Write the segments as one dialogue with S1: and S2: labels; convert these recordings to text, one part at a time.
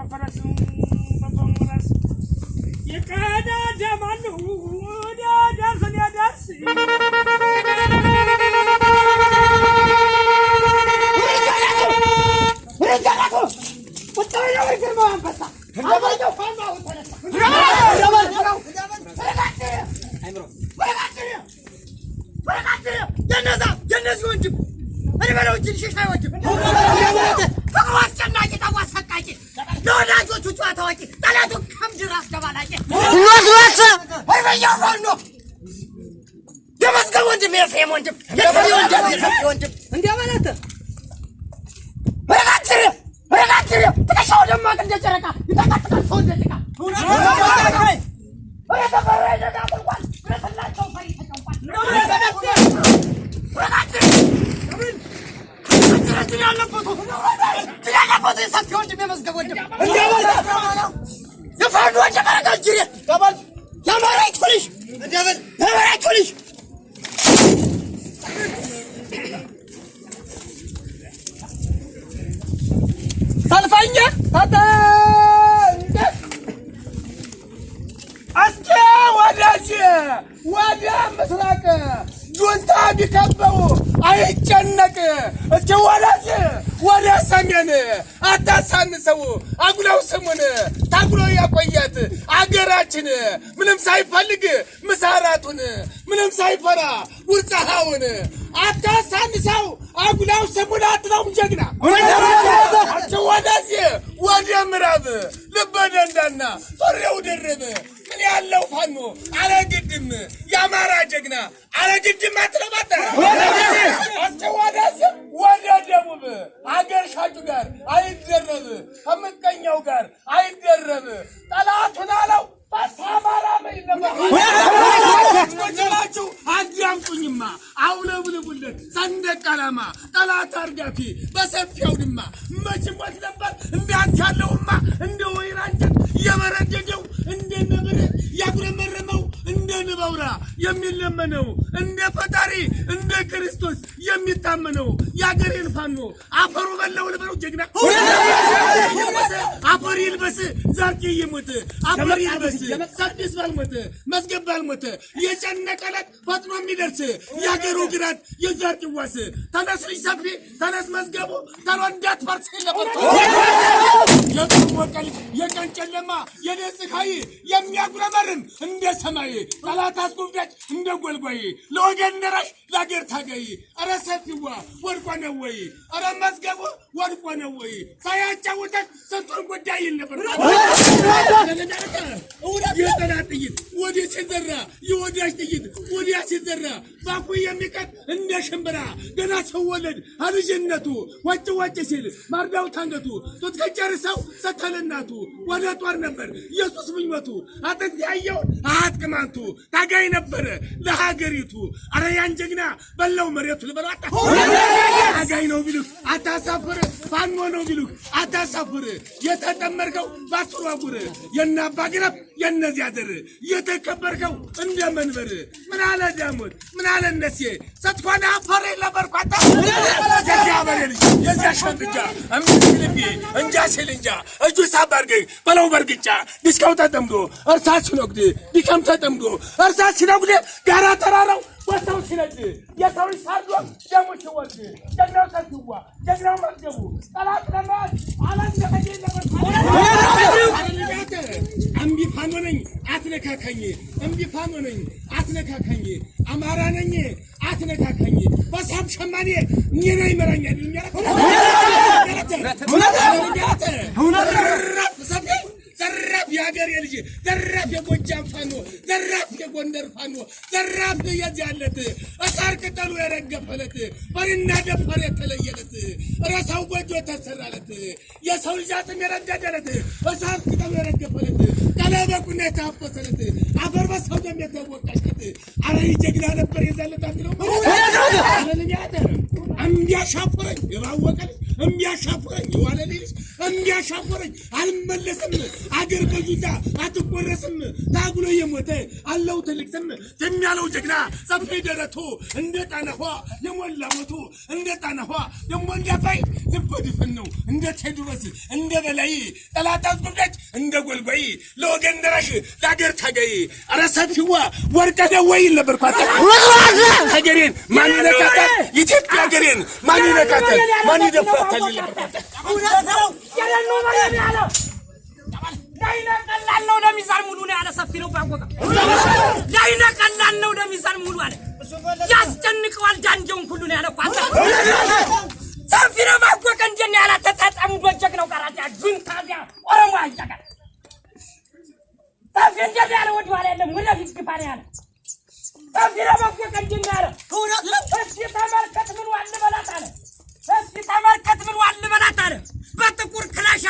S1: e mafarashin dia maras ya kada da manu da dansa ne የነዛ የነዚህ ወንድም እድሜ ነው እንጂ o ወንድም አስጨናቂ ታዋስ ታዋቂ ጠላቱ ከምድር አስተባላቂ የመዝገብ ወንድም የፍሬም ወንድም የጥሪ ወንድም የሰፊ ወንድም እንዲ ማለት ረጋትር ረጋትር ትከሻው ደማቅ እንደ ጨረቃ ይጠቃጥቃል ሰው እንደ ጭቃ ያለበት ያለበት የሰፊ ወንድም የመዝገብ ወንድም እንዲ ማለት নুয়াজা কারা কাজ জিরে কাবার না মারাই চলিস যাবেন না মারাই চলিস ሰልፈኛ ተጠንቀቅ አስኬ ወደዚህ ወደ ምስራቅ ጁንታ ቢከበው አይጨነቅ። እስኪ ወደዚህ ወደ ሰሜን አታሳንሰው። አጉላው ስሙን ታጉሎ ያቆያት አገራችን ምንም ሳይፈልግ ምሳራቱን ምንም ሳይፈራ ውርፀሃውን አታሳንሰው። አጉላው ስሙን አትለውም ጀግና ወደዚህ ወደ ምዕራብ ልበ ደንዳና ፍሬው ድርብ ቅጥል ያለው ፋኖ አለግድም የአማራ ጀግና አለግድም አትረባጠ አስተዋዳስ ስም ወደ ደቡብ አገር ሻጩ ጋር አይደረብ፣ ከምቀኛው ጋር አይደረብ። ጠላቱን አለው በሳማራ መይለባቸላችሁ አዳምጡኝማ፣ አውለብልቡለት ሰንደቅ ዓላማ ጠላት አርጋፊ በሰፊያው ድማ መችሞት ነበር እንዲያት እንደ ወይራንጀት እያበረደደው እንደ መብረቅ ያጉረመረመ አይን በውራ የሚለመነው እንደ ፈጣሪ እንደ ክርስቶስ የሚታመነው የአገሬን ፋኖ አፈሩ በለው ልበለው ጀግና አፈር ይልበስ ዛርኬ ይሙት አፈር ይልበስ ሳዲስ ባልሞት መዝገብ ባልሞት የጨነቀለት ፈጥኖ የሚደርስ የአገሩ ግራት የዛርኬ ዋስ ተነስ ልጅ ሰፊ ተነስ መዝገቡ ተሮንዳት ፈርስ ለፈርቶ የቀን ጨለማ የደስ ሀይ የሚያጉረመርም እንደ ሰማይ ጠላት አስጎብዳጅ እንደ ጎልጓይ ለወገን ደራሽ ለአገር ታገይ። አረ ሰፊዋ ወድቆ ነው ወይ? አረ መዝገቡ ወድቆ ነው ወይ ሳያጫውተን ስንቱን ጉዳይ ይል ጥይት ወዲህ ሲዘራ የወዳጅ ጥይት ወዲያ ሲዘራ ባፉ የሚቀር እንደ ሽምብራ ገና ሲወለድ አልጅነቱ ወጭ ወጭ ሲል ማርዳው ታንገቱ ጡት ከጨርሰው ሰተልናቱ ወደ ጦር ነበር ኢየሱስ ምኞቱ አጥንት ያየውን አጥቅማንቱ ታጋይ ነበረ ለሀገሪቱ አረ ጀግና በላው መሬቱ ልበሏ ታጋይ ነው ቢሉት አታሳፍር ፋኖ ነው ቢሉ አታሳፍር። የተጠመርከው ባስሩ አጉር የነ አባግረብ የነዚያ ድር የተከበርከው እንደ መንበር ምን አለ ዳሞት ምን አለ ነሴ ሰጥኳና አፈሬ ለበርኳታ የዚያ በሬል የዚያ ሸምጥጃ እምት እንጃ ሲል እንጃ እጁ ሳብ በለው በርግጫ ዲስካው ተጠምዶ እርሳስ ሲነጉድ ቢከም ተጠምዶ እርሳስ ሲነጉድ ጋራ ተራራው ወሰው ሲነድ የሰው ልጅ ሳድሮ ሲወድ ጀግናው ተስዋ ጀግናው መቅደቡ ጠላት ለመት አላንደፈኝ እምቢ ፋኖ ነኝ አትነካካኝ፣ እምቢ ፋኖ ነኝ አትነካካኝ፣ አማራ ነኝ አትነካካኝ፣ በሳም ሸማኔ እኔን ይመራኛል። የሀገሬ ልጅ ዘራፍ፣ የጎጃም ፋኖ ዘራፍ፣ የጎንደር ፋኖ ዘራፍ፣ የዚያለት እሳር ቅጠሉ የረገፈለት በሬና ደፋር የተለየለት ረሳው ጎጆ የተሰራለት የሰው ልጅ አጽም የረገደለት እሳር ቅጠሉ የረገፈለት ቀለበቁና የተፈሰለት አፈር በሰው ደም የተወቃሽለት አረ ጀግና ነበር የዛለታት አትለው እምቢያሻፍረኝ የባወቀልኝ እምቢያሻፍረኝ የዋለልኝ እንዲያሻወረኝ አልመለስም። አገር በይዛ አትቆረስም። ታግሎ የሞተ አለው ትልቅስም የሚያለው ጀግና ጸፌ ደረቶ እንደ ጣናኋ የሞላ ሞቶ እንደ ጣናኋ ደግሞ እንዳፋይ ልብ ድፍን ነው እንደ ቴድሮስ እንደ በላይ ጠላት አስጎጋጅ እንደ ጎልጓይ ለወገን ደራሽ ለአገር ታጋይ ኧረ ወርቀ ነው ነበርኳት ሀገሬን ማን ይነካታል? ኢትዮጵያ ሀገሬን ማን ይነካታል? ማን ይደፋታል? ነበርኳት ገደል ነው ማለት ነው ያለው። ነው ለሚዛን ሙሉ ነው ያለ። ሰፊ ነው ባቆጣ ዳይነ ቀላል ነው ለሚዛን ሙሉ አለ። ያስጨንቀዋል ዳንጀውን ሁሉ ነው ያለው። ቋጣ ሰፊ ነው ባቆጣ እንደ ያለ። ተጣጣሙ በጀግ ነው ቀራጫ ጁን ታዚያ ኦሮሞ አያጋ ሰፊ እንደ ያለ ወደ ኋላ የለም ወደፊት ግፋ ነው ያለ። ሰፊ ነው ባቆጣ እንደ ያለ። ተመልከት ምን ዋል በላት አለ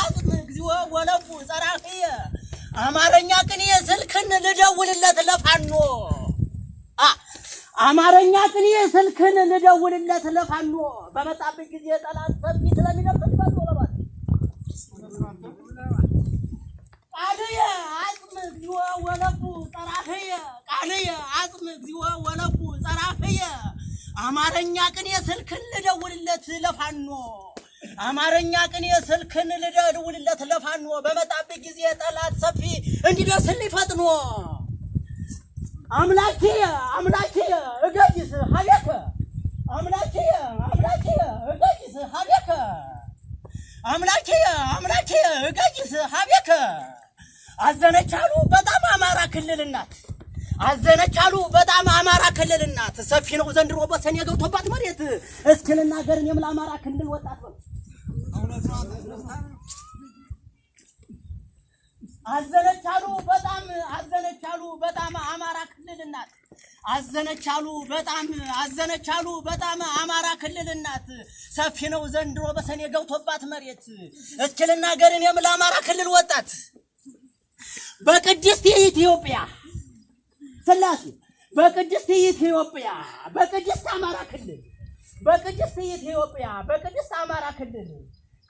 S1: አጽም እግዚኦ ወለቡ ጸራፊየ አማርኛ ቅኔ ስልክን ልደውልለት ለፋኖ አማርኛ ቅኔ ስልክን ልደውልለት ለፋኖ በመጣብኝ ጊዜ ጠላት ሰፊ ስለሚነብሰኝ ባዶ ለባት ቃልየ አጽም እግዚኦ ወለቡ ጸራፊየ ቃልየ አጽም እግዚኦ ወለቡ ጸራፊየ አማርኛ ቅኔ ስልክን ልደውልለት ለፋኖ አማርኛ ቅኔ ስልክን ልደውልለት ለፋኖ በመጣብህ ጊዜ ጠላት ሰፊ እንዲደርስልኝ ፈጥኖ አምላኬ አምላኬ እገይስ ሀቤከ አምላኬ አምላኬ እገይስ ሀቤከ አምላኬ አምላኬ እገይስ ሀቤከ አዘነች አሉ በጣም አማራ ክልል እናት አዘነች አሉ በጣም አማራ ክልል እናት ሰፊ ነው ዘንድሮ በሰኔ ገብቶባት መሬት እስኪ ልናገርን የምል አማራ ክልል ወጣት ነው አዘነች አሉ በጣም አዘነች አሉ በጣም አማራ ክልል እናት አዘነች አሉ በጣም አዘነች አሉ በጣም አማራ ክልል እናት ሰፊ ነው ዘንድሮ በሰኔ ገብቶባት መሬት እስኪልና ገርን የምል አማራ ክልል ወጣት በቅድስት ኢትዮጵያ ስላሴ በቅድስት ኢትዮጵያ በቅድስት አማራ ክልል በቅድስት ኢትዮጵያ በቅድስት አማራ ክልል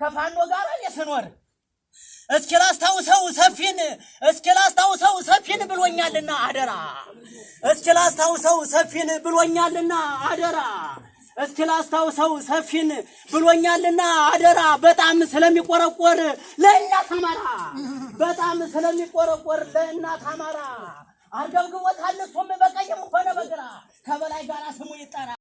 S1: ከፋኖ ጋር እኔ ስኖር እስኪ ላስታውሰው ሰፊን እስኪ ላስታውሰው ሰፊን ብሎኛልና አደራ እስኪ ላስታውሰው ሰፊን ብሎኛልና አደራ እስኪ ላስታውሰው ሰፊን ብሎኛልና አደራ በጣም ስለሚቆረቆር ለእናት አማራ በጣም ስለሚቆረቆር ለእናት አማራ አርገብግቦታል እሱም በቀኝም ሆነ በግራ ከበላይ ጋር ስሙ ይጠራ።